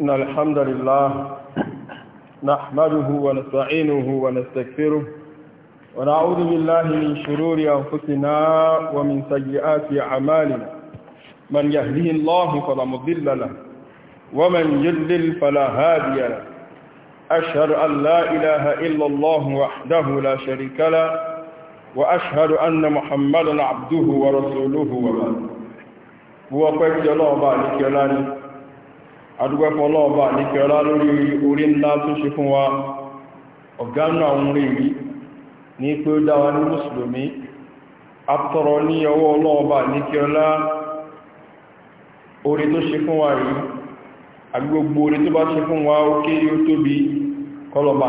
إن الحمد لله نحمده ونستعينه ونستكفره ونعوذ بالله من شرور أنفسنا ومن سيئات أعمالنا من يهده الله فلا مضل له ومن يضلل فلا هادي له أشهد أن لا إله إلا الله وحده لا شريك له وأشهد أن محمدا عبده ورسوله وبعد هو قيد الله بعد كلامه adúgbẹ́fọ́ ọlọ́ọ̀bá nífẹ́ ọlá lórí orí ńlá tó ṣe fún wa ọ̀gánú àwọn orí ní pé ó dáwà ní mùsùlùmí atọrọ ní ọwọ́ orí tó ṣe fún wa rí agbogbo orí tó bá ṣe fún wa ó kéré ó tóbi kọlọ̀bá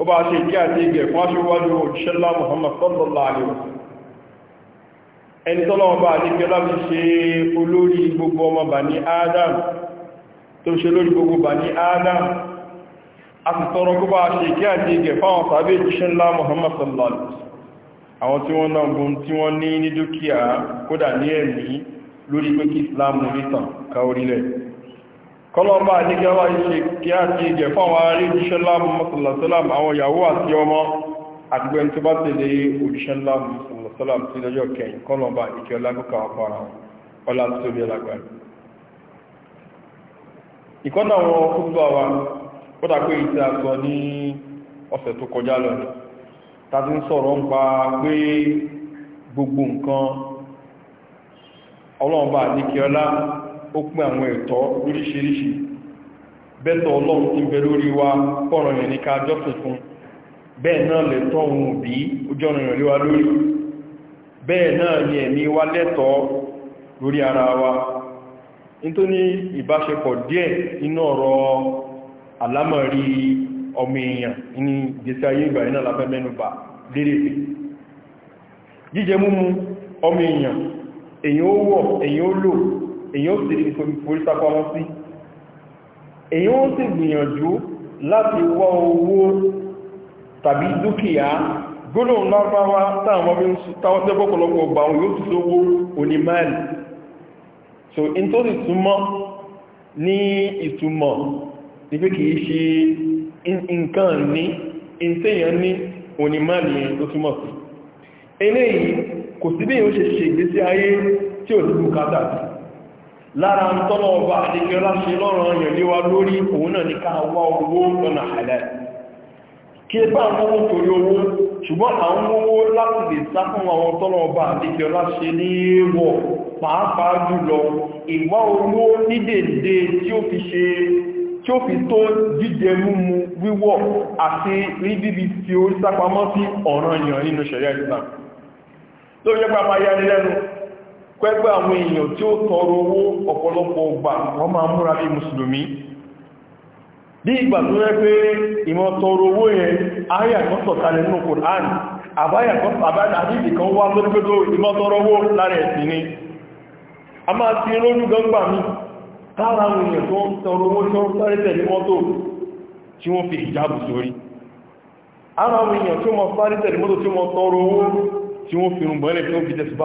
kó bá ṣe kí àti ìgbẹ̀ fún aṣíwájú òṣèlá Muhammad sallallahu alaihi wasallam ẹni tọ́lọ́wọ́ bá ní kí ọlọ́bí ṣe olórí gbogbo ọmọ Bani Adam tó ṣe lórí gbogbo Bani Adam a ti tọrọ kó bá ṣe kí àti ìgẹ̀ fáwọn àwọn tí wọ́n kọlọ́ọ̀bá nígbàwà iṣẹ́ kí á ti gẹ̀ fún àwọn arí òjíṣẹ́ láàmù mọ́sànlọ́sọ́lám àwọn ìyàwó àti ọmọ àgbẹ̀ tó bá tẹ̀lé òjíṣẹ́ láàmù mọ́sànlọ́sọ́lám sí lọ́jọ́ kẹyìn kọlọ́ọ̀bá ìkẹ́ ọlágọ́kà àpárá ọlá tó bí alágbàrí ìkọ́nà àwọn kúrúbà wa ó dàpé ìta ó pín àwọn ẹ̀tọ́ lóríṣiríṣi bẹ́tọ̀ ọlọ́run ti bẹ wa pọ̀rọ̀ yẹn ní ká jọ́sìn fún bẹ́ẹ̀ náà lẹ́tọ́ ohun òbí ojú lori. lé wa lórí bẹ́ẹ̀ náà ni ẹ̀mí wa lẹ́tọ̀ọ́ lórí ara wa nítorí ìbáṣepọ̀ díẹ̀ inú ọ̀rọ̀ àlámọ̀rí ọmọ èèyàn ní ìgbésí ayé ìgbà iná lábẹ́ mẹ́nubà lérèfè jíjẹ múmu ọmọ èèyàn èyàn ó wọ̀ èyàn ó lò èyàn ó sì rí forí sápamọ́ sí èyàn ó sì gbìyànjú láti wá owó tàbí dúkìá gbólóhùn lárúbáwá táwọn ọmọ bí ń táwọn tẹ́ pọ̀pọ̀lọpọ̀ ọgbà àwọn yóò tún owó òní máìlì so in tó sì túmọ̀ ní ìtumọ̀ ní pé kìí ṣe nǹkan ní ìtẹ́yàn ní òní máìlì yẹn tó túmọ̀ sí eléyìí kò sí bí yóò ṣe ṣe ìgbésí ayé tí ò ní bùkátà sí lára ń tọ́lọ̀ ọba àdíkẹ́ láṣẹ lọ́rọ̀ ọ̀yàn léwa lórí òun náà ní ká wá owó lọ́nà halal kí bá ń mọ́wọ́ torí owó ṣùgbọ́n àwọn owó láti lè sá fún àwọn tọ́lọ̀ ọba àdíkẹ́ láṣẹ ní èèwọ̀ pàápàá jùlọ ìwá owó ní dèdè tí ó fi ṣe tí ó fi tó jíjẹ múmu wíwọ̀ àti rí bíbi tí ó sápamọ́ sí ọ̀ranyàn nínú ṣẹ̀ríà Islam tó yẹ pàpàá pẹ́gbẹ́ àwọn èèyàn tí ó tọrọ owó ọ̀pọ̀lọpọ̀ ọgbà wọ́n máa múra bí mùsùlùmí bí ìgbà tó rẹ́ pé ìmọ̀ tọrọ owó yẹn ayàkọ́sọ̀ kalẹ̀ nínú àbáyàkọ́sọ̀ kan wá lórípẹ́tò ìmọ̀ tọrọ owó lára a máa ti rójú mi tọrọ fi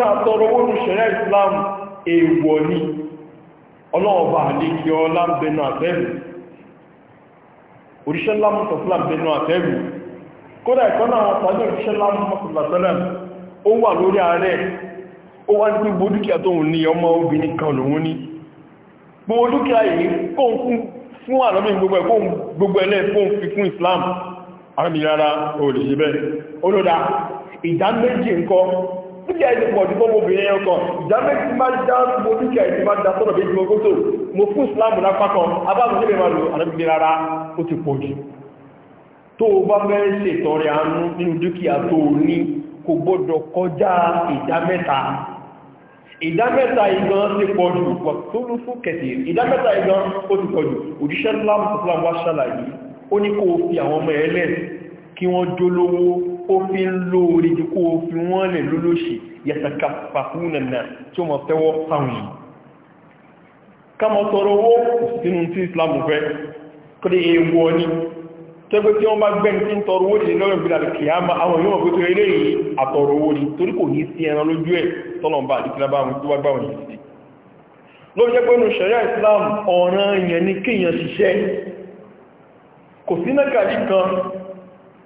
káàtọrọ owó ní Islam èèwọ̀ ni ọlọ́ọ̀bà àlejò ọlá ọ bẹnu àtẹ́rù òṣìṣẹ́ lámùsọ̀sílà àtẹ́rù kódà ìkọ́nà àwọn pàdé òṣìṣẹ́ lámùsọ̀sílà ó wà lórí ààrẹ ó wá ní gbogbo dúkìá ẹni pọ̀ ju fọ́mọ obìnrin yẹn kan ìjà méjì ti máa dá mo dúkìá ẹni máa dá sọ́dọ̀ méjì mọ́gó tó mo fún ìsìláàmù lápá kan abáàmù níbẹ̀ máa lò àdàbìgbé rárá ó ti pọ̀ jù tó o bá fẹ́ ṣètọrẹ àánú nínú dúkìá tó o ní kò gbọ́dọ̀ kọjá ìdá mẹ́ta ìdá mẹ́ta igan ti pọ̀ jù tó lú fún kẹtì ìdá mẹ́ta igan ó ti pọ̀ jù òjíṣẹ́ láàmù tó fún àwọn ó ní kó o fi àwọn ọmọ ẹlẹ́ kí wọ́n jólówó ó fi ń lóore jù kó o fi wọ́n lẹ̀ lólóṣì yàtàkà fàkúnnà tí ó mọ̀ tẹ́wọ́ fáwọn yìí kámọ̀ tọrọ owó sínú tí Islam fẹ́ kọ́dé èèwọ̀ ni tẹ́gbẹ́ tí wọ́n bá gbẹ́ tí tọrọ owó ní lọ́rọ̀ ìgbìlẹ̀ kìyàmà Islam ọ̀ràn yẹn ní kíyàn ṣiṣẹ́ kò sí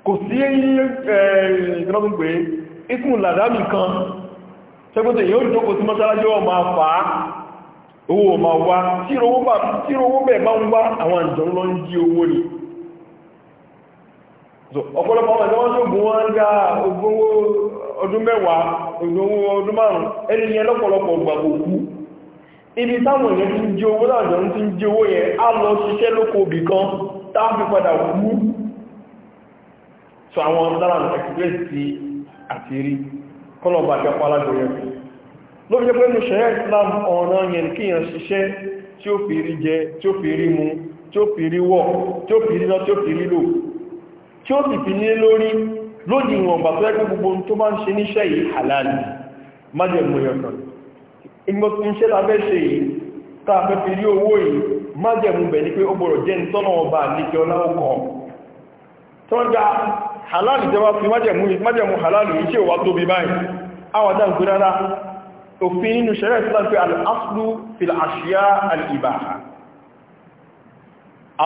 kò sí ìgbìnàgbìngbè ikùn làdámì kan ṣẹ́gbẹ́tẹ̀ yóò jókò sí mọ́sálásí ọmọ àfà owó ọmọ wá tí owó bẹ̀ bá ń wá àwọn àjọ lọ ń jí owó ni ọ̀pọ̀lọpọ̀ àwọn ìjọwọ́n ṣògùn wọn ń dá ogún ọdún mẹ́wàá ogún ọdún márùn-ún ẹni yẹn lọ́pọ̀lọpọ̀ gbàgbò kú ibi táwọn èèyàn ti ń jí owó láàjọ ń ti ń jí owó yẹn á so àwọn lára ẹ̀kùrẹ́sì ti rí kọlọ̀bà àti ọpá alágbòrẹ́ fún ló fi jẹ́ pé ní ṣẹ̀rẹ́ Islam ọ̀nà yẹn kíyàn ṣiṣẹ́ tí ó fi rí jẹ tí ó fi rí mú tí ó fi rí wọ̀ tí ó fi rí lọ tí ó fi rí lò tí ó sì fi ní lórí gbogbo tó bá ń ṣe níṣẹ́ yìí tó ń dá halali jẹba fi májẹ̀mú halali iṣẹ́ wà tóbi báyìí awọ̀dá ìgbé rárá òfin nínú ṣẹ̀rẹ̀ islam fi al'aslu fi al'ashiya al'ibaha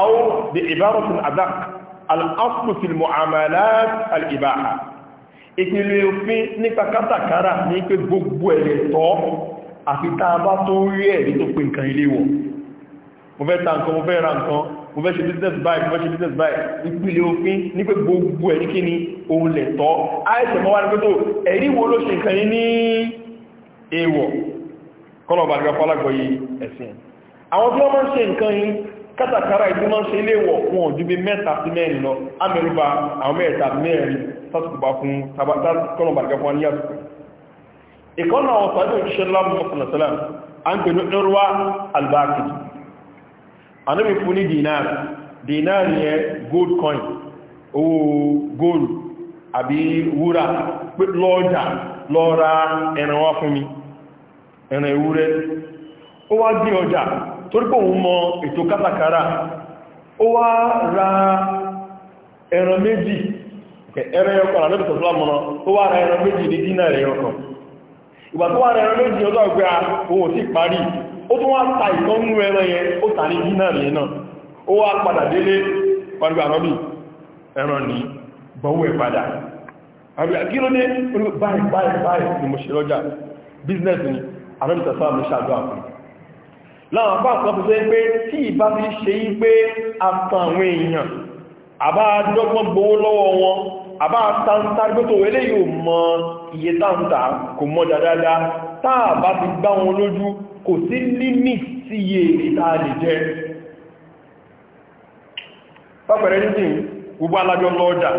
au bi ibaratun adak al'aslu fi al'mu'amalat al'ibaha ìpìlẹ̀ òfin nípa kátàkárà ní pé gbogbo ẹ̀rẹ̀ tọ́ àfi mo fẹ́ ṣe business buy mo fẹ́ ṣe business buy ìpìlẹ̀ òfin ní pé gbogbo ẹ̀ ní kí ni òun lẹ̀ tọ́ àìsàn mọ́ wá ní pé tó ẹ̀rí wo ló ṣe nǹkan yìí ní èèwọ̀ kọ́lọ̀bà nígbà fọ́lágbọ̀ yìí ẹ̀sìn àwọn tí wọ́n máa ń ṣe nǹkan yìí kátàkárà ìdí máa ń ṣe ilé ìwọ̀ fún ọ̀jú bí mẹ́ta sí mẹ́rin lọ amẹ́rúbà àwọn mẹ́ta mẹ́rin sásùkùbà fún kọ́lọ̀bà nígbà fún yàtùkù ìkọ́nà àwọn sàájú òṣìṣẹ́ lámù mọ́sánàtàlá à ń pè ní ẹrùwá albáàkìtì anábi fún ní dinar dinar yẹ gold coin owó gold àbí wúrà pé lọ́ọ̀jà lọ́ra ẹran wá fún mi ẹran ewúrẹ́ ó wá dí ọjà torípò òun mọ ètò kátàkárà ó wá ra ẹran méjì ẹran ẹyọkan àlọ́bì tọ̀sílá mọ́nà ó wá ra ẹran méjì ní dínà ẹ̀yọkan ìgbà tó wá ra ẹran méjì ọjọ́ ìgbé ohun ó tún wá ta ìtọ́nú ẹran yẹn ó tà ní dínàrí yẹn náà ó wá padà délé pàdùgbà rọ́bì ẹran ní bọ̀wọ́ ẹ̀ padà kí ló dé báyìí báyìí ni mo ṣe lọ́jà business ni àrẹ́mìtà sáà mi ṣàdọ́ àpò àbá tàntàrí tó eléyìí ò mọ iye táǹtà kò mọ́ dáadáa táà bá ti gbá wọn lójú kò sí límit sí iye ìta lè jẹ́ pápẹ̀rẹ̀ nítìm gbogbo alájọ́ lọ́ọ̀dà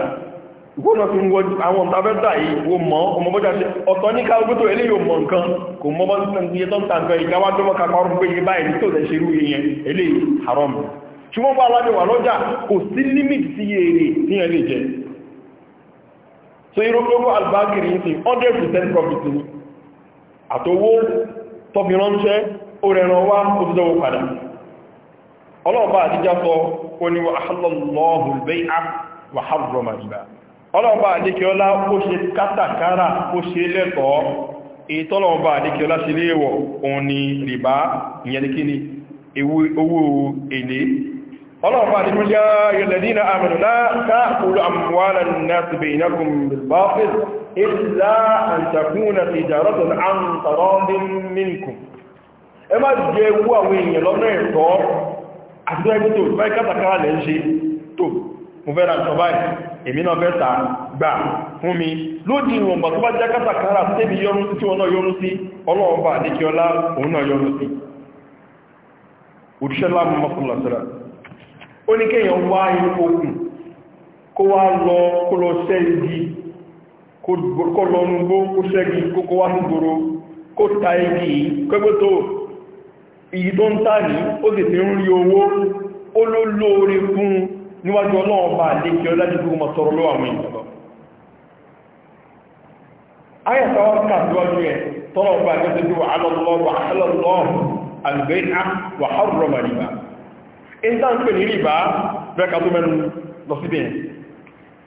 ìgbónà fi ń wọ àwọn tàbẹ́ta yìí wo mọ́ ọmọbọ́já ṣe ọ̀tọ̀ ní káàkiri tó eléyìí ò mọ̀ nǹkan kò mọ́ bọ́ ní ẹ̀tọ́ tàbí ìgbáwájọ́mọ́ kakọrùn pé yìí báyìí tó tẹ̀ ṣerú ìyẹn eléyìí haram ṣùgbọ́n bá alájọ́ wà lọ́jà kò sí límìtì sí èrè ní ẹlẹ́jẹ́ so irú gbogbo albagiri ní 100% profit ni àtowó tọ́bí ránṣẹ́ ó rẹran wá ó ti dọ́wọ́ padà ọlọ́ọ̀bá àdíjá sọ kó ní wa ahallallahu al-bay'a wa harrama riba ọlọ́ọ̀bá àdíkẹ́ọlá ó ṣe kátàkárà ó ṣe lẹ́tọ̀ọ́ èyí tọ́lọ́ọ̀bá àdíkẹ́ọlá ṣe léèwọ̀ òun ni rìbá ìyẹn ni kíni owó èlé ìlà àǹtàkùnà ìdàrọ́tọ̀ àǹtàrọ́ mínkù ẹ má jẹ owó àwọn èèyàn lọ́nà ẹ̀tọ́ àti tó ẹgbẹ́ tó báyìí kátàkárà lẹ́ ń ṣe tó mo fẹ́ ra nǹkan báyìí èmi náà fẹ́ ta gbà fún mi lódì ìwọ̀nbà tó bá jẹ́ kátàkárà tẹ́bi yọrún sí tí wọn náà yọrún sí kó lọ́nugbó kó ṣẹ́gi kókó wá sí gbòrò kó ta igi kẹgbẹ́tò iyi tó ń tà ní ó sì fi ń rí owó ó ló lóore fún níwájú ọlọ́run bá lékẹ́ ọlájú tó mọ̀ sọ̀rọ̀ lọ́wọ́ àwọn ìjọba ayàtàwà kàtíwájú ẹ̀ tọ́lọ̀ bá gẹ́gẹ́ bí wà á lọ́lọ́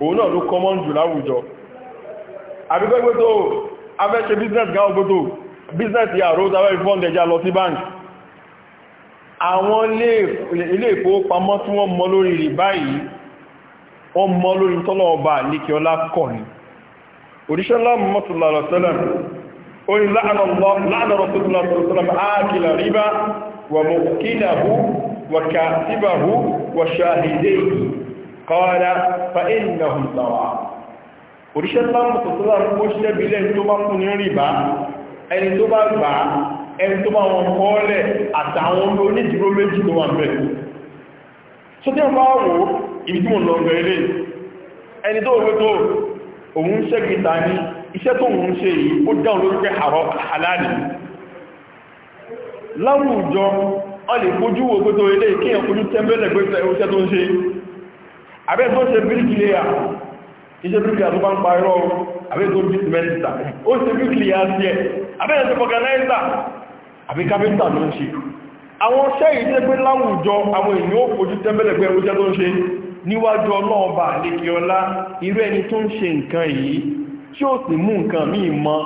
òun náà ló common jù láwùjọ àbíkọ́ gbótó afẹ́ṣe business gáwọ́ gbótó business yà ró tàbí ìfọ́ndẹ̀já lọ sí bank àwọn ilé ìfowópamọ́ tí wọ́n mọ lórí rí báyìí wọ́n mọ lórí tọ́lọ̀ ọba níkẹ́ọlá kọ̀ ní òdíṣẹ́lá mọ́tòlá sallam orí láàrín rọ̀tọ́lá sallam ákìlà ríbá wà mọ̀ kílà hù kọ́ọ̀dá fa'inahun tsawa òríṣẹ́ sáàmù tó tọ́lá ó ṣẹ́ bilẹ̀ tó bá fún ní rìbá ẹni tó bá gbà ẹni tó bá wọn kọ́ọ̀lẹ̀ àtàwọn onídìró méjì tó wà mẹ́ tó tí wọ́n bá wò ibi tí mo lọ gbẹ̀ ilé ẹni òun ṣẹ́ gita ní iṣẹ́ tó ń ṣe yìí ó dáun lórí pé halali láwùjọ ọ lè fojú wo pé tó ilé kí èèyàn fojú tẹ́m̀bẹ̀lẹ̀ pé iṣẹ́ tó ń ṣe abẹ́ tó ṣe bíríkìlẹ́yà iṣẹ́ bíríkìlẹ́yà tó bá ń parọ́ abẹ́ tó bí sìmẹ́ntà ó ṣe bíríkìlẹ́yà sí ẹ̀ abẹ́ tó fọ́gánáìsà àbí kápẹ́ntà ló ń ṣe àwọn ṣẹ́ ìṣẹ́ pé láwùjọ àwọn èèyàn ó fojú tẹ́mẹ́lẹ̀ pé ẹrúṣẹ́ tó ń ṣe níwájú ọlọ́ọ̀bà àlékè ọlá irú ẹni tó ń ṣe nǹkan yìí tí ó sì mú nǹkan míì mọ́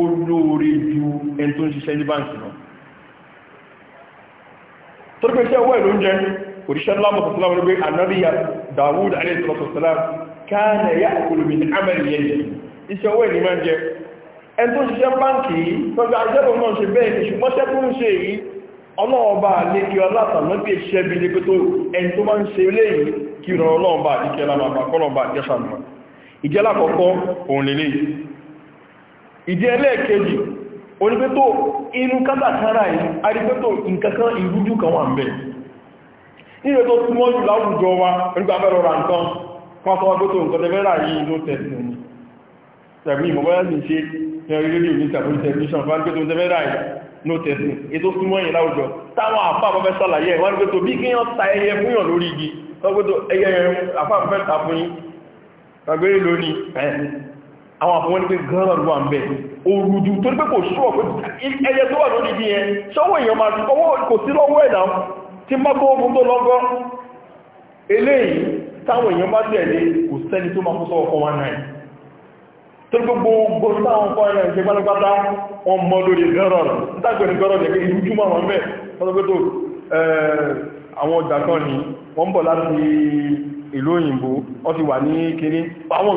olóore ju ẹni tó ń ṣiṣẹ́ ní báǹkì lọ torípé iṣẹ́ owó ẹ̀ ló òṣìṣẹ́ lámọ̀ tó sọ́lá wọ́n anáríyà Dawud alẹ́sọ̀tọ̀sọ́lá káàlẹ̀ yá òkúlùmí ní amẹ́rì yẹn iṣẹ́ owó ẹni máa ń jẹ ẹn tó ṣiṣẹ́ báńkì tọ́jú ajẹ́bọ̀ náà ṣe bẹ́ẹ̀ ní ṣùgbọ́n ṣẹ́ fún ṣe èyí ọlọ́ọ̀bá lékè ọlátàlọ́bí iṣẹ́ bí ní pẹ́tó ẹn tó máa ń ṣe léyìí kí rọ ọlọ́ọ̀bá ìkẹ́ lámàbà kọ́lọ̀bà jẹ́sàmà ìjẹ́ lákọ̀ọ́kọ́ òun lè léyìí ìjẹ́ ẹlẹ́ẹ̀kejì onípẹ́tó inú kátàkárà yìí arípẹ́tó nǹkankan ìrújú kan wà ń bẹ̀rẹ̀ nílò tó túnmọ́ jù láwùjọ wa nígbà fẹ́rọ ra nǹkan kan sọ ọgbọ́ tó nǹkan tẹ́fẹ́rà yìí ló tẹ̀sùn ní tẹ̀bí ìmọ̀bọ́yá sì ṣe ẹ̀rí rédíò ní tàbí tẹ̀lifíṣàn fún agbẹ́tò tẹ́fẹ́rà yìí ló tẹ̀sùn ètò túnmọ́ yìí láwùjọ táwọn àfà àbọ̀fẹ́ sàlàyé wọ́n gbé tó bí kí wọ́n ta ẹyẹ fún yàn lórí igi lọ́gbẹ́tò ẹyẹ àfà àbọ̀fẹ́ ta fún yín agbẹ́rẹ́ lónìí àwọn àfọwọ́n ní pé gánàrù wà ń bẹ̀ tó ní pé kò ṣúwọ̀ pé ẹyẹ tó wà lórí igi yẹn ṣọ́wọ́ èèyàn máa kò sí lọ́wọ́ ẹ̀dà tí mọ́kọ́ ogun tó lọ́gọ́ eléyìí táwọn èèyàn bá tẹ̀lé kò sẹ́ni tó ma kó sọ́wọ́ tó gbogbo gbogbo táwọn fún ẹ̀rẹ́ ìṣẹ́ wọn mọ́ lórí gọ́rọ̀ nítàgbẹ̀rẹ̀ gọ́rọ̀ rẹ̀ ìlú òyìnbó ti wà ní kiri àwọn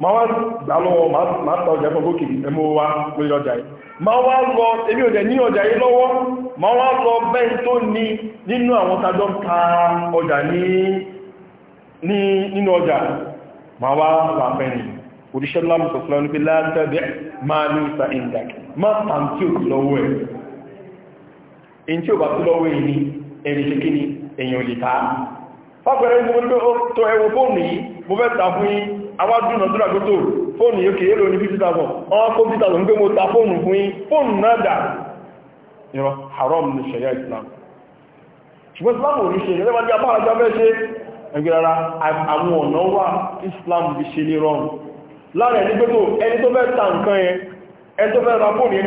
ma wá gbà lọ́wọ́ ma ta ọjà fún gòkè ẹmọ wa lórí ọjà yìí ma wá lọ èmi ọjà ní ọjà yìí lọwọ ma wá lọ bẹ́ẹ̀ tó ní nínú àwọn tajọ́ ta ọjà ní nínú ọjà ma wá lọ fẹ́ni òdíṣẹ́ pé máa ní ìta má tàn tí ò lọ́wọ́ ẹ̀ èyí tí ò bá tó lọ́wọ́ ní lè ta awádùn ọdúnrà tó tó fóònù yóò kèèrè ní 50,000 ọwọ́n kó 50,000 pé mo ta fóònù fún yí fóònù náà dà ìrọ̀ haram ní ṣẹ̀yà islam ṣùgbọ́n islam ò ní ṣe ẹgbẹ́ bí apá àjọ mẹ́ṣe ẹgbẹ́ rárá àwọn ọ̀nà wà islam bí ṣe lè rọrùn láàrin ẹni pẹ́tò ẹni tó fẹ́ ta nǹkan yẹn ẹni tó fẹ́ ra fóònù yẹn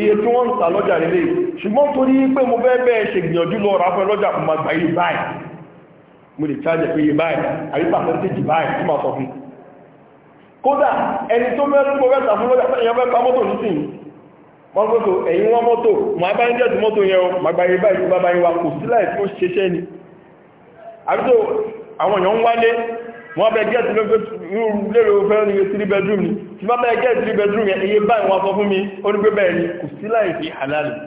iye tí wọ́n ń ta lọ́jà nílé ṣùgbọ́n torí pé mo fẹ́ bẹ́ẹ̀ ṣègbìyànjú lọ ra mo lè chájẹ pé iye báyìí àbí pàṣẹ́ntéjì báyìí tí ma sọ fún kódà ẹni tó mẹ́rin mo mẹ́ta fún lọ́gbà ẹ̀yàn mẹ́ta mọ́tò nísìn wọ́n mọ́tò ẹ̀yìn wọ́n mọ́tò mọ́ abáyẹ́jẹ́sì mọ́tò yẹn o màgbáyé báyìí bá báyìí wa kò sílẹ̀ tí ó ṣeṣẹ́ ni àbí tó àwọn èèyàn ń wálé wọ́n bẹ gẹ́ẹ̀tì lérò fẹ́ràn ní three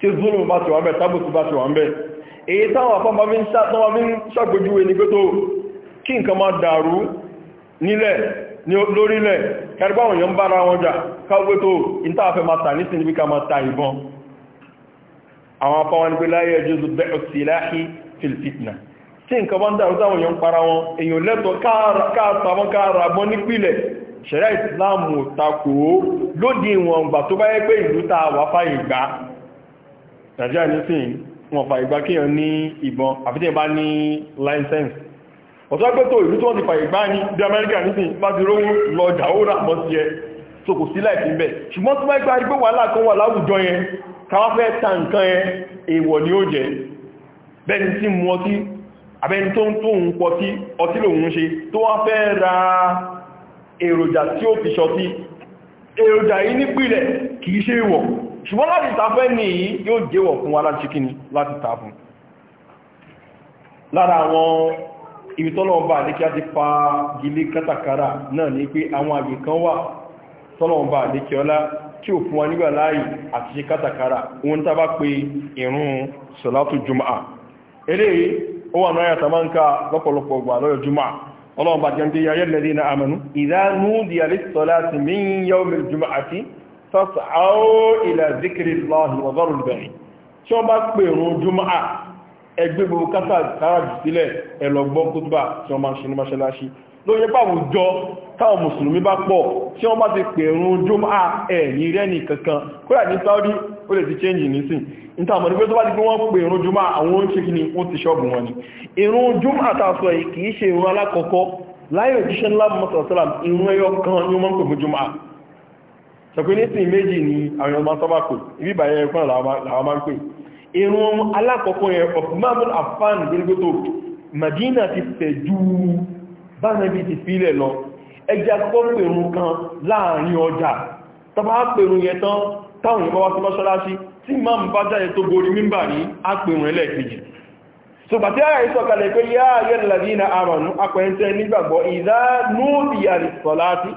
tí zúlù bá ti wà mẹ́ tábùtù bá ti wà mẹ́ èyí táwọn àpapọ̀ bí ń ṣàgbójúwé ní pẹ́tò kí nǹkan máa dàrú nílẹ̀ ní lórílẹ̀ kẹrìbáwọn èèyàn bára wọn jà káwé tó ìntàfẹ́ máa tà nísìn níbi ká máa ta ìbọn àwọn afọ́wọn pé láyé ẹjọ́ tó bẹ́ ọ̀síláhì fìlfìtìnà tí nǹkan bá ń dàrú táwọn èèyàn para wọn èèyàn lẹ́tọ̀ tó bá yẹ ta wà fáyìí nàìjíríà nísìnyí wọn fa ìgbà kéèyàn ní ìbọn àfitẹ́ bá ní license ọ̀tọ́ pé tó ìlú tí wọ́n ti fa ìgbà ní bí amẹ́ríkà nísìnyí bá ti rówó lọ jàwórà mọ́ sí ẹ so kò sí láìsí bẹ̀ ṣùgbọ́n tó máa gbárí pé wàhálà kan wà láwùjọ yẹn káwá fẹ́ ta nǹkan yẹn èèwọ̀ ni ó jẹ́ bẹ́ni tí mú ọtí abẹ́ni tó ń tó ń pọ̀ tí ọtí lòun ṣe tó wá fẹ́ ra èròjà tí ó fi ṣọtí èròjà yìí nípìlẹ̀ kìí ṣe ìwọ̀ ṣùgbọ́n láti ìtafẹ́ ní èyí yóò jẹ́wọ̀ fún wa láti kíni láti ta lára àwọn ibi tọ́lọ̀ọ̀bá á ti pa gilé kátàkárà náà ní pé àwọn àgbè kan wà tọ́lọ̀ọ̀bá àdékí ọlá tí ò fún wa nígbà àti ṣe kátàkárà pe sọ̀látù jùmọ́ ka na tas'au ila zikrillahi wa dharul bay'i tí wọ́n bá pè rún jùmọ́à ẹgbẹ́ gbogbo kátà sára jù sílẹ̀ ẹ̀lọ́gbọ́n kútùbà tí wọ́n máa ṣe ní mọ́ṣáláṣí ló yẹ pàwù jọ táwọn mùsùlùmí bá pọ̀ tí wọ́n bá ti pè rún jùmọ́à ẹ̀yìn rẹ̀ ní kankan kódà ní Saudi ó lè ti change nísìn níta àmọ́ nígbé tó bá ti pé wọ́n pè rún jùmọ́à àwọn oúnjẹ kí ni wọ́n ti ṣọ́ọ̀bù wọn ni ìrún jùmọ́à tá a sọ yìí kì í ṣe ìrún alákọ̀ọ́kọ́ láyé òjíṣẹ́ ńlá mọ́sàlásàlám ìrún ẹyọ kan ni wọ́n pè fún jùmọ́à sọ̀pẹ́ nísìn méjì ni àwọn ọmọ sọ́bà pè ibi ìbàyẹ̀ ẹ̀kọ́ làwọn máa ń pè irun alákọ̀ọ́kọ́ yẹn ọ̀fùmáàmùn àfáàn gbogbo Madina ti tẹ̀ ju bánàbí ti fílẹ̀ lọ ẹjẹ́ akọ́kọ́ pèrún kan láàrin ọjà tọba pèrún yẹn tán táwọn ìbá wá sí mọ́ṣọ́láṣí tí máa ń bá jáde tó borí mímbà ní àpèrún ẹlẹ́ẹ̀kejì ṣùgbà tí ara ìsọ̀kalẹ̀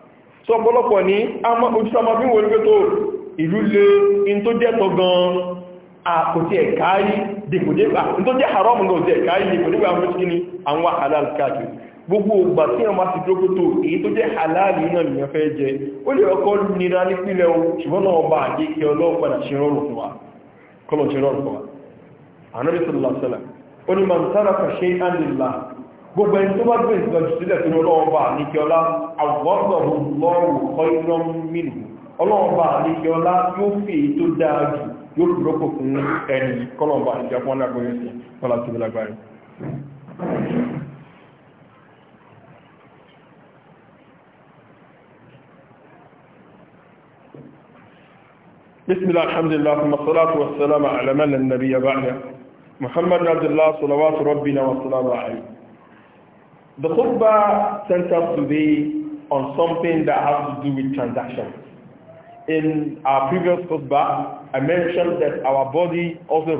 so ọ̀pọ̀lọpọ̀ ní ojúsọmọ bí wọ́n tó ìlú lè in tó jẹ́ tọ́ gan àkòtí ẹ̀káyí dìkòdébà in tó jẹ́ haramu gan òtí ẹ̀káyí dìkòdébà àwọn ìṣkíní àwọn halal káàkiri gbogbo ògbà tí wọ́n bá ti dókó tó èyí tó jẹ́ halali náà nìyàn fẹ́ jẹ ó lè ọkọ́ nira nípínlẹ̀ ṣùgbọ́n náà bá àjẹ́ kí ọlọ́pàá ṣe rọrùn fún wa kọlọ̀ ṣe rọrùn fún wa anábìsọ̀lọ́sọ́lá ó ní màá sára fàṣẹ́ àdìlá gbogbo ẹni tó bá gbé ìgbẹ̀jù sílẹ̀ tó lọ́ọ̀bà níkẹ́ọlá àwọ̀gbọ́gbọ̀ بسم الله الحمد لله ثم الصلاة والسلام على من النبي بعد محمد عبد الله صلوات ربنا والسلام عليه The khutbah centers today on something that has to do with transactions. In our previous khutbah, I mentioned that our body also has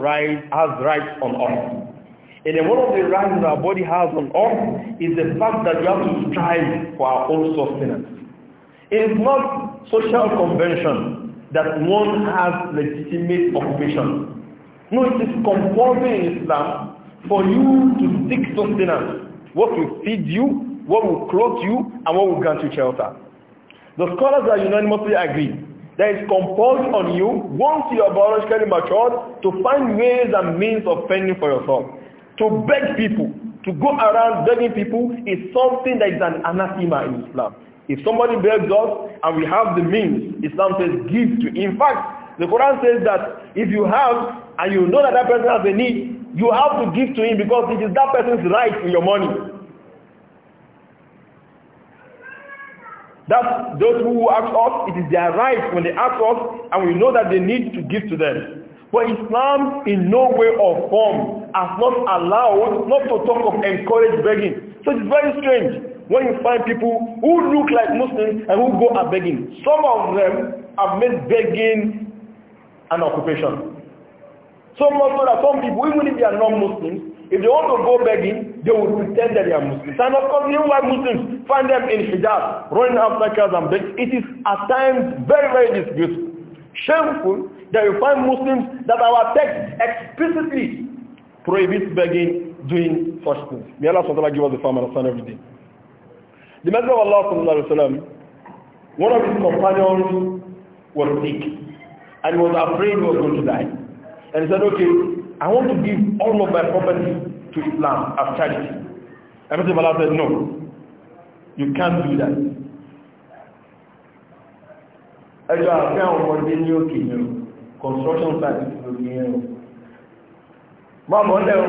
rights on us. And then one of the rights that our body has on us is the fact that we have to strive for our own sustenance. It is not social convention that one has legitimate occupation. No, it is compulsory in Islam for you to seek sustenance what will feed you, what will clothe you, and what will grant you shelter. The scholars are unanimously agreed that it's compulsory on you, once you are biologically matured, to find ways and means of fending for yourself. To beg people, to go around begging people is something that is an anathema in Islam. If somebody begs us and we have the means, Islam says give to. In fact, the Quran says that if you have and you know that that person has a need, you have to give to him because it is that person's right in your money. That those who ask us, it is their right when they ask us and we know that they need to give to them. But Islam in no way or form has not allowed not to talk of encourage begging. So it's very strange when you find people who look like Muslims and who go are begging. Some of them have made begging an occupation. Some also that some people, even if they are non-Muslims, if they want to go begging, they will pretend that they are Muslims. And of course, even white Muslims find them in hijab, running after cars and begging. It is at times very, very disgraceful. Shameful that you find Muslims that our text explicitly prohibits begging, doing such things. May Allah SWT give us the firm understanding every day. The Messenger of Allah وسلم, one of his companions was sick and was afraid he was going to die and he said, okay, I want to give all of my property to Islam as charity. And Prophet Allah said, no, you can't do that. I Ẹjọ́ àfẹ́ àwọn ọmọdé ní òkè yẹn, construction site lórí yẹn. Máa mọ́ there?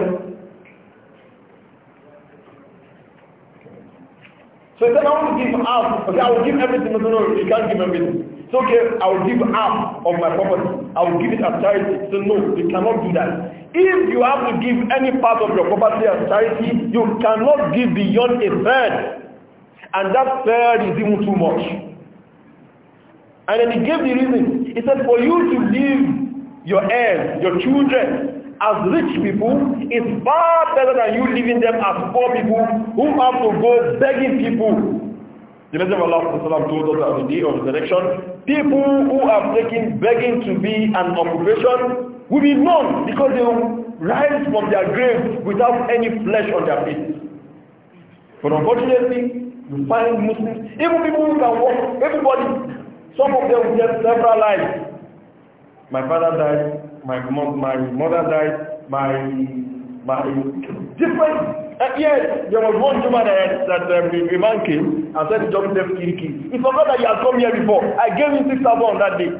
So he said, I want to give half, okay, I will give everything, no, no, no, you can't give everything. It's okay, I will give half of my property. I will give it as charity. So no, you cannot do that. If you have to give any part of your property as charity, you cannot give beyond a third. And that third is even too much. And then he gave the reason. He said, for you to leave your heirs, your children, as rich people, is far better than you leaving them as poor people who have to go begging people the Messenger of Allah told us on the day of resurrection people who are taking begging to be an occupation will be known because they will rise from their grave without any flesh on their faces. But unfortunately, you find Muslims, even people who can walk, everybody, some of them will get several lives. My father died, my, my mother died, my, my different Yet, there was one woman that, that um, a man came and said the job left Kirikiri. He forgot that he had come here before. I gave him 6,000 on that day.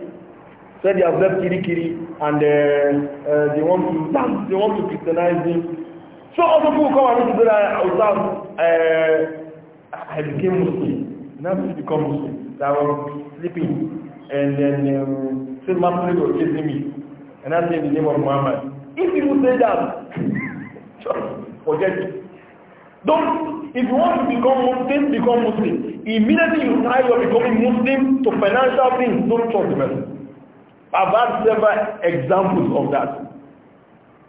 Said he has left Kirikiri and uh, uh, they want to they want to Christianize him. So other people come and look to that uh, Ustaz, uh, I became Muslim. Now I become Muslim. So I was sleeping and then um, said my spirit was chasing me. And I said in the name of Muhammad. If people say that, forget it. Don't, if you want to become Muslim, become Muslim. Immediately you try you're becoming Muslim to financial things, don't trust the person. I've had several examples of that.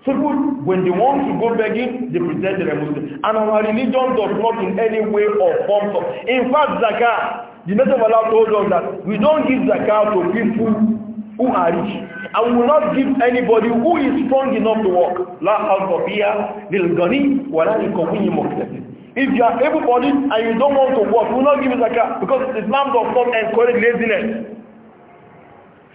So good when they want to go begging, they pretend they're Muslim. And our religion does not in any way or form. In fact, Zakah, the Messenger of Allah told us that we don't give Zakah to people who are rich. I will not give anybody who is strong enough to walk. La al-Qafiya Nilgani, ghani wa la lil-Qawiyyi muqtasib. If you are able-bodied and you don't want to work, we will not give zakah because Islam does not encourage laziness.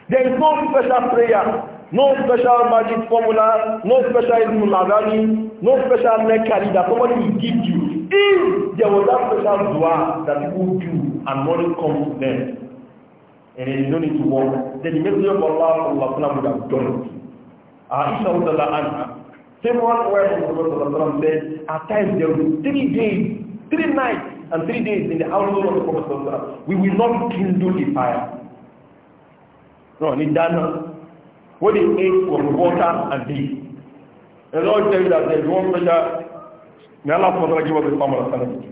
There is no special prayer, no special magic formula, no special Ismulagani, no special mekari that somebody will give you. If there was that special dua that people do and money comes to them, ene noni ti won deni mezu yo Allah sallallahu alaihi wasallam da don Aisha radhiyallahu anha same one where the Prophet sallallahu alaihi wasallam said at times there will be three days three nights and three days in the house of the Prophet sallallahu alaihi wasallam we will not kindle the fire no ni dana what they ate was water and beef the Lord tells you that there is one pleasure may Allah subhanahu wa ta'ala give us the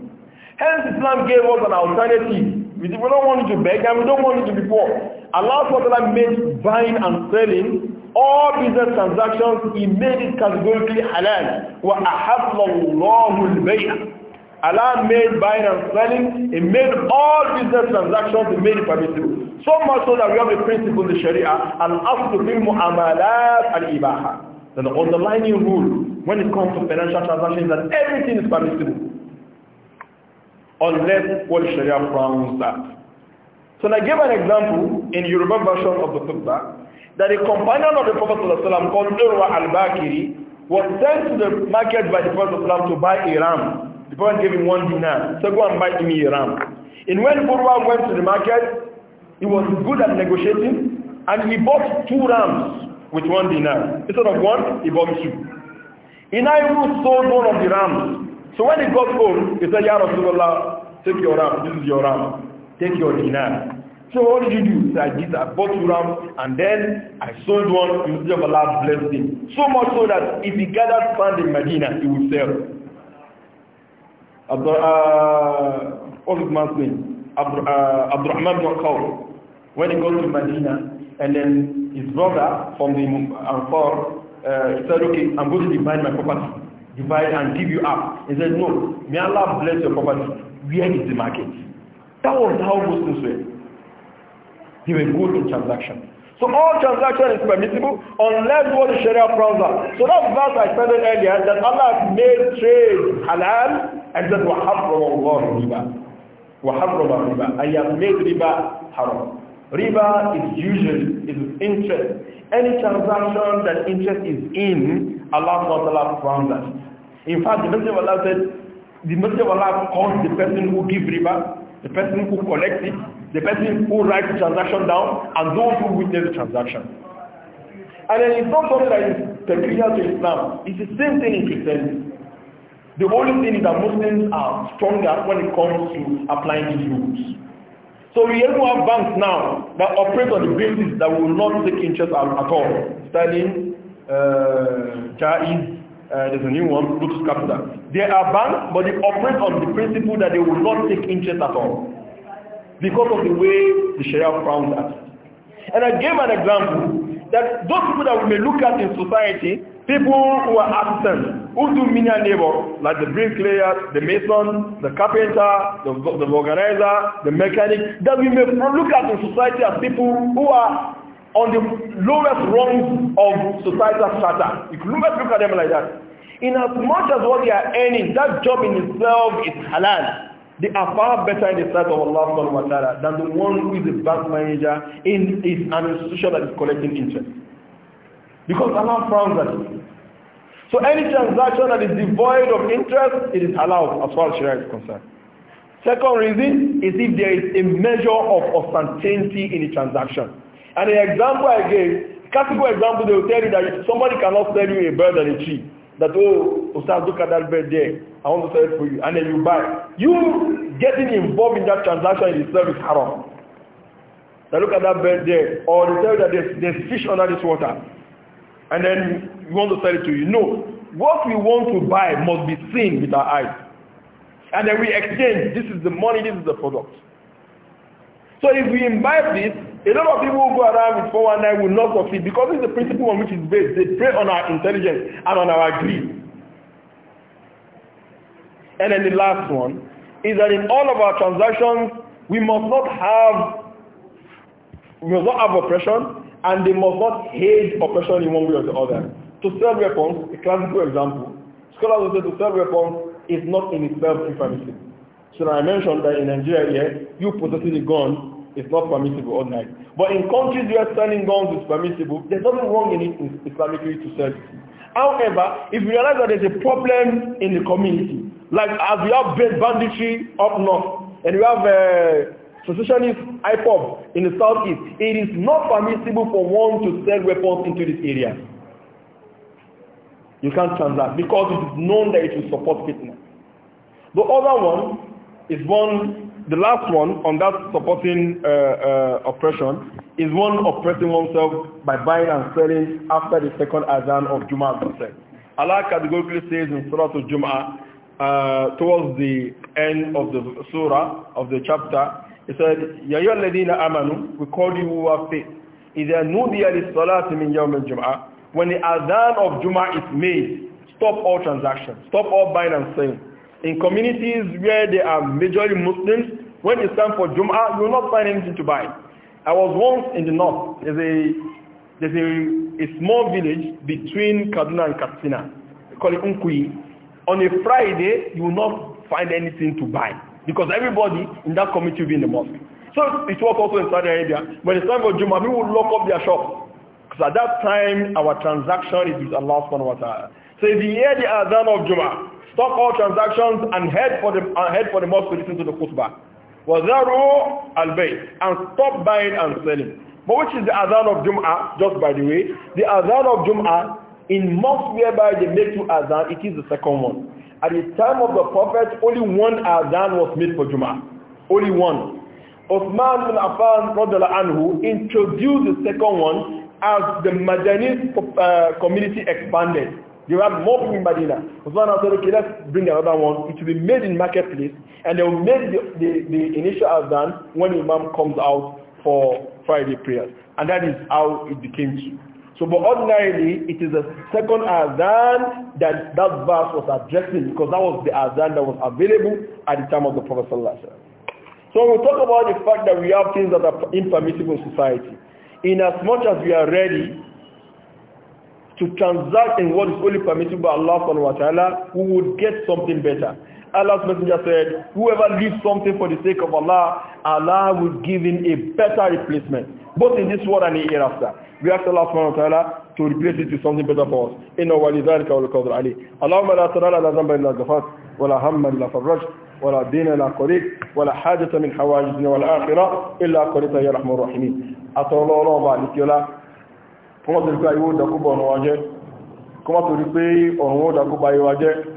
Hence Islam gave us an alternative We don't want you to beg and we don't want you to be poor. Allah SWT made buying and selling all business transactions, He made it categorically halal. وَأَحَلَّ اللَّهُ الْبَيْعَ Allah made buying and selling, He made all business transactions, He made it permissible. So much so that we have a principle in the Sharia, al-aslu fil mu'amalat al-ibaha. the underlying rule when it comes to financial transactions that everything is permissible unless what Sharia frowns that. So now I give an example in Yoruba version of the khutbah that a companion of the Prophet ﷺ called Urwa al-Bakiri was sent to the market by the Prophet ﷺ to buy a ram. The Prophet gave him one dinar, so go and buy me a ram. And when Urwa went to the market, he was good at negotiating and he bought two rams with one dinar. Instead of one, he bought two. He now sold one of the rams So when he got home, he said, Ya Rasulullah, take your ram. This is your ram. Take your dinar. So what did you do? He said, this, I bought two rams and then I sold one. Messenger of Allah blessed him. So much so that if he gathered sand in Medina, he would sell. Abdur, uh, what's his man's name? Abdur, uh, Abdurrahman bin When he got to Medina, and then his brother from the Ansar uh, said, okay, I'm going to divide my property divide and give you up. He said, no, may Allah bless your property. Where is the market? That was how Muslims were. They were good in transaction. So all transaction is permissible unless what the Sharia frowns at. So that verse I started earlier that Allah has made trade halal and said وَحَرَّمَ اللَّهُ riba. وَحَرَّمَ riba. I have made riba haram. Riba is usually is interest. Any transaction that interest is in, Allah SWT frowns at. In fact, the Messenger of Allah said, the Messenger of Allah calls the person who gives riba, the person who collects it, the person who writes the transaction down, and those who witness the transaction. And then it's not something that is peculiar to Islam. It's the same thing in Christianity. The only thing is that Muslims are stronger when it comes to applying these rules. So we even have banks now that operate on the basis that will not take interest at, all. Sterling, uh, Jaiz, Uh, there's a new one, Lux Capital. They are banks, but they operate on the principle that they will not take interest at all because of the way the Sharia frowns at it. And I gave an example that those people that we may look at in society, people who are artisans, who do menial labor, like the bricklayer, the mason, the carpenter, the, the organizer, the mechanic, that we may look at in society as people who are on the lowest rungs of societal strata. If you look at them like that, in as much as what they are earning, that job in itself is halal. They are far better in the sight of Allah subhanahu wa ta'ala than the one who is a bank manager in is an institution that is collecting interest. Because Allah frowns at it. So any transaction that is devoid of interest, it is allowed as far as Sharia is concerned. Second reason is if there is a measure of uncertainty in the transaction. And the example I gave, classical example, they will tell you that somebody cannot sell you a bird and a tree. That, oh, Ustaz, look at that bird there. I want to sell it for you. And then you buy. You getting involved in that transaction itself is haram. Now look at that bird there. Or they tell you that there's, there's fish under this water. And then you want to sell it to you. No. What we want to buy must be seen with our eyes. And then we exchange. This is the money, this is the product. So if we imbibe this, a lot of people who go around with 419 will not succeed because it's the principle on which it's based. They prey on our intelligence and on our greed. And then the last one is that in all of our transactions, we must not have we must not have oppression and they must not hate oppression in one way or the other. To sell weapons, a classical example, scholars will say to sell weapons is not in itself impermissible. Should I mention that in Nigeria here, you possessing a gun is not permissible all night. But in countries where selling guns is permissible, there's nothing wrong in it in Islamically to sell it. However, if you realize that there's a problem in the community, like as we have banditry up north, and we have uh, secessionist IPOB in the southeast, it is not permissible for one to sell weapons into this area. You can't transact because it is known that it will support fitness. The other one is one, the last one on that supporting uh, uh, oppression is one oppressing oneself by buying and selling after the second Azan of Juma sunset. Allah categorically says in Surah Al-Jum'ah, uh, towards the end of the surah, of the chapter, he said, يَا يَا الَّذِينَ We call you who have faith. Is there no لِلصَّلَاةِ مِنْ يَوْمِ Juma? When the azan of Juma is made, stop all transactions, stop all buying and selling. In communities where they are majorly Muslims, when it's time for Jum'ah, you will not find anything to buy. I was once in the north. There's a, there's a, a small village between Kaduna and Katsina. They call it Unkui. On a Friday, you will not find anything to buy because everybody in that community will be in the mosque. So it works also in Saudi Arabia. When it's time for Jum'ah, people will lock up their shops. Because at that time, our transaction is with Allah subhanahu wa ta'ala. So the you the adhan of Juma, stop all transactions and head for the, and head for the mosque to listen to the khutbah. وَذَرُوا الْبَيْتِ And stop buying and selling. But which is the adhan of Juma? just by the way, the adhan of Juma in mosque whereby they make two adhan, it is the second one. At the time of the Prophet, only one adhan was made for Juma, Only one. Osman bin Affan anhu, introduced the second one as the Madanese uh, community expanded. They were have more people in Medina. Usman said, okay, let's bring another one. It will be made in marketplace, and they will make the, the, the initial azan when Imam comes out for Friday prayers. And that is how it became true. So, but ordinarily, it is the second azan that that verse was addressing because that was the azan that was available at the time of the Prophet Sallallahu Alaihi Wasallam. So we talk about the fact that we have things that are impermissible in society. In as much as we are ready to transact in what is only permitted by Allah subhanahu wa ta'ala, we would get something better. Allah's messenger said, whoever leaves something for the sake of Allah, Allah will give him a better replacement, both in this world and the hereafter. We ask Allah subhanahu wa ta'ala to replace it with something better for us. Inna إِنَّ وَلِذَلِكَ وَلِقَوْضُ الْعَلِيِّ اللهم لا ترى لنا ذنبا إلا la ولا هما إلا فرجت ولا دين إلا قريب ولا حاجة من حوائجنا والآخرة إلا قريتها يا رحمن الرحيم أتولى الله بعد kọ́mọ́ torí pé ayé ó dákúbọ̀ ọ̀run wa jẹ́